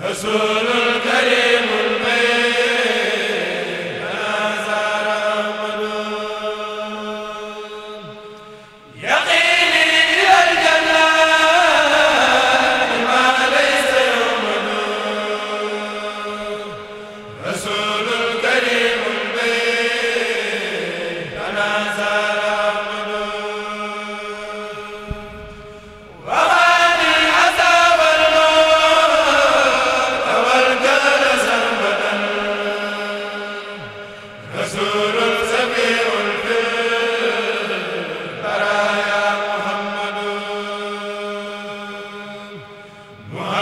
رسول الكريم waaw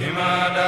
hima